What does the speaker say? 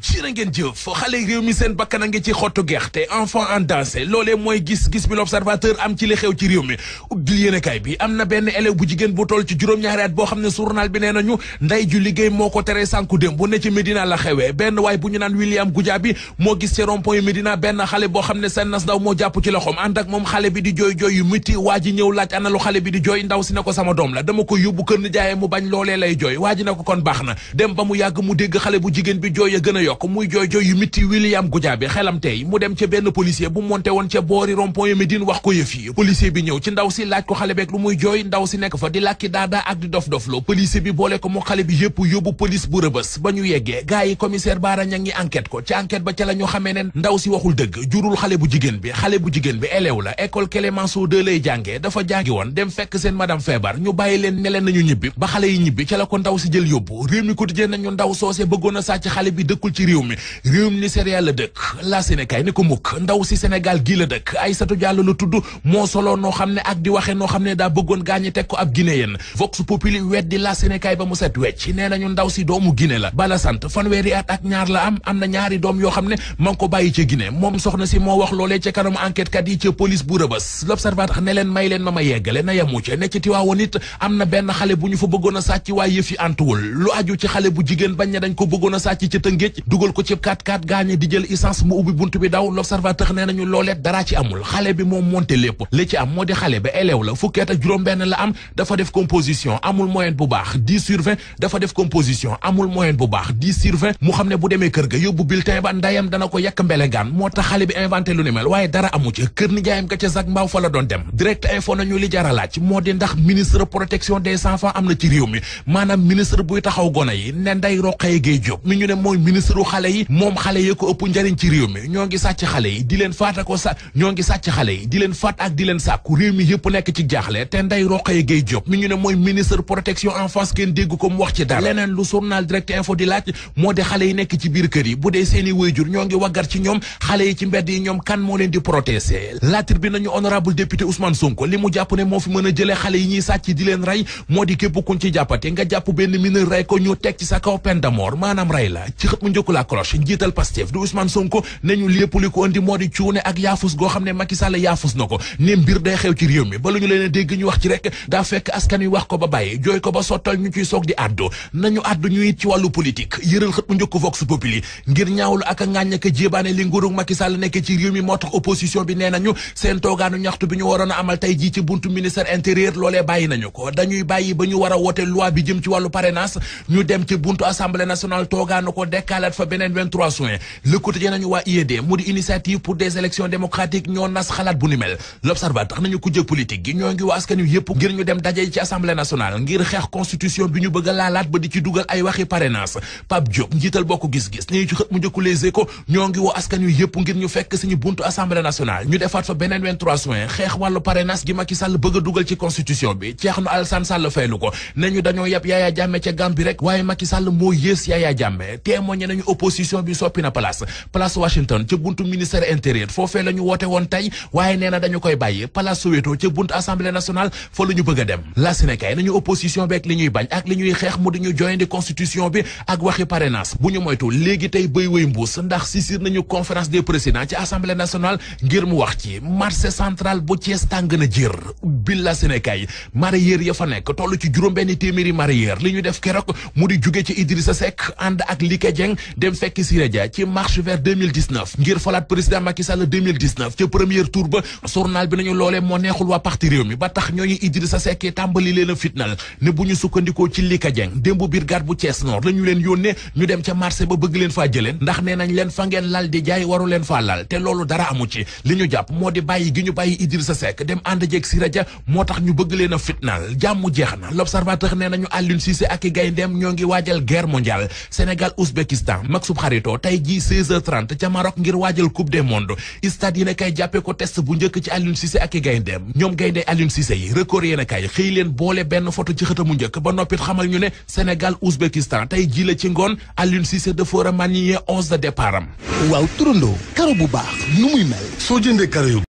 jërë ngeen jëf xale réew mi seen bakkan a ngi ci xottu geex te enfant en danger loolee mooy gis-gis bi l'observateur am ci li xew ci réew mi ubbil yéenekaay bi am na benn élève bu jigéen bu toll ci juróom-ñaari boo xam ne journal bi nee nañu nday ju liggéey moo ko tere sànku dem bu ne ci Médina la xewee benn waay bu ñu naan William Goudiaby moo gis ci rond-point Médina benn xale boo xam ne seen nas ndaw moo jàpp ci loxoom ànd ak moom xale bi di jooy jooy yu miti waa ji ñëw laaj xale bi di jooy ndaw si ne ko sama doom la dama ko yóbbu kër ni jaayee mu bañ loolee lay jooy waa ko kon na dem ba mu yàgg mu dégg xale bu jigéen bi jooy a yokk muy jooy-jooy yu mitti William Goudiaby xelam tey mu dem ca benn policier bu monté woon ca boori rond-point Médine wax ko yëf yi policier bi ñëw ci ndaw si laaj ko xale beeg lu muy jooy ndaw si nekk fa di làkki daadaa ak di dof-dofloo policier bi boole ko mu xale bi yëpp yóbbu police bu rëbës ba ñu yeggee gars yi commissaire Bara ña ngi enquête ko ci enquête ba ca la ñu xamee ne ndaw si waxul dëgg jurul xale bu jigéen bi xale bu jigéen bi élève la école Clémenceau 2 lay dafa jàngi woon dem fekk seen madame feebar ñu bàyyi leen ne leen nañu ñibbi ba xale yi ñibbi ca la ko ndaw si jël yóbbu réew mi quotidien ndaw soosé bëggoon a sàcc xale bi dëkkul ci réew mi réewum Nigéria la dëkk la Sénégal ni ko mukk ndaw si Sénégal gii la dëkk Aïssatou Diallo la tudd moo solo noo xam ne ak di waxe noo xam ne daa bëggoon gaañi teg ko ab Guinéen Vox Populi weddi la Sénégal ba mu set wecc nee nañu ndaw si doomu Guinée la bala sant fanweeri at ak ñaar la am am na ñaari doom yoo xam ne ma ko bàyyi ca Guinée moom soxna si moo wax loolee ca kanamu enquête kat yi ca police bu rëbës l'observateur ne leen may ma ma yeggale dugal ko ci 4-4 gaañe di jël essence mu ubbi bunt bi daw l'observateur nee nañu loolee dara ci amul xale bi moom monte lépp li ci am moo di xale ba élève la fukki at ak juróom-benn la am dafa def composition amul moyenne bu baax 10 sur 20 dafa def composition amul moyenne bu baax di sur 20 mu xam ne bu demee kër ga yóbbu bulletin ba ndayam dana ko yàq mbelengaan moo tax xale bi inventé lu ni mel waaye dara amu ci kër ni jaayam ga la doon dem direct info nañu li jara laaj moo di ndax ministre protection des enfants na ci réew mi maanaam ministre buy taxaw gone yi ne nday roqaye gay jóob mi ñu ne mooy ministre dundu xale yi moom xale yi ko ëpp njariñ ci réew mi ñoo ngi sàcc xale yi di leen faat ak sa ñoo yi di leen sàkku réew mi yëpp nekk ci jaaxle te Ndeye Rokhaya Gaye Diop mi ñu ne mooy ministre protection enfance kenn dégg ko mu wax ci dara leneen lu journal direct info di laaj moo di xale yi nekk ci biir kër yi bu dee seeni waajur ñoo ngi waggar ci ñoom xale yi ci mbedd yi ñoom kan moo leen di protéger laatir bi nañu honorable député Ousmane Sonko li mu jàpp ne moo fi mën a jëlee xale yi ñuy sàcc di leen rey moo di képp kuñ ci jàppate nga jàpp benn mineur rey ko ñu teg ci sa kaw peine de mort maanaam la sukk la cloche njiital Pastef du Ousmane Sonko ne ñu lépp li ko di cuune ak yaafus goo xam ne Macky yaafus na ko ne mbir day xew ci réew mi ba lu ñu leen a dégg ñu wax ci rek daa fekk askan wi wax ko ba bàyyi jooy ko ba sottal ñu ciy soog di addu nañu addu ñu it ci wàllu politique yëral xët bu njëkk vox populi ngir ñaawlu ak a ŋàññ ak a jéebaane li nguurug Macky Sall ci réew mi moo opposition bi nee nañu seen toogaanu ñaxtu bi ñu a a fa beneen 23 juin le quotidien nañu waa IED mu di initiative pour des élections démocratiques ñoo nas xalaat bu ni mel l'observateur nañu ku jëg gi ñoo ngi waa askan wi yëpp ngir ñu dem daje ci assemblée nationale ngir xeex constitution bi ñu bëgg a laalaat ba di ci dugal ay waxi parrainage Pape Diop njiital bokk gis-gis nañu ci xët mu njëkku les échos ñoo ngi woo askan wi yëpp ngir ñu fekk suñu buntu assemblée nationale ñu defaat fa beneen nañu opposition bi soppi na place place Washington ca buntu ministère intérieur foofee la ñu woote woon tey waaye nee na dañu koy bàyyi place Soweto ca buntu assemblée nationale fa la ñu bëgg dem la Sénégal nañu opposition bi ak li ñuy bañ ak li ñuy xeex mu dañu joyandi constitution bi ak waxi parrainage bu ñu moytu léegi tey bëy wëy ndax sisir nañu conférence des présidents ci assemblée nationale ngir mu wax ci marché central bu Thiès tàng na jër li ñu def keroog mu di jóge ci Idrissa dem fekk Siré Dia ci marche vers 2019 ngir falaat président Macky Sall 2019 ca premier tour ba journal bi nañu loolee moo neexul waa parti réew mi ba tax ñooñu Idrissa Seck tàmbali leen a fitnal ne bu ñu sukkandikoo ci Lika Dieng démb brigade bu Thiès Nord la ñu leen yónnee ñu dem ca marché ba bëgg leen faa jëleen ndax nee nañ leen fa ngeen lal di jaay waru leen faa lal te loolu dara amu ci li ñu jàpp moo di bàyyi gi ñu bàyyi Idrissa Seck dem ànd jeeg si Dia moo tax ñu bëgg leen a fitnal jàmm jeex na l'observateur nee nañu Aliou Cissé ak i gayndeem ñoo ngi waajal guerre mondiale Sénégal Ouzbékistan Milan Maxub Xarito tey jii 16h30 ca Maroc ngir waajal coupe du monde stade yéen a jàppee ko test bu njëkk ci Aliou Cissé ak i gayndeem ñoom gaynde Aliou Cissé yi record yéen a kay xëy leen boole benn photo ci xëtamu njëkk ba noppit xamal ñu ne Sénégal Ouzbékistan tey jii la ci ngoon Aliou Cissé dafa war a manier onze de départ am. waaw turandoo karo bu baax nu muy mel. soo jëndee karo yu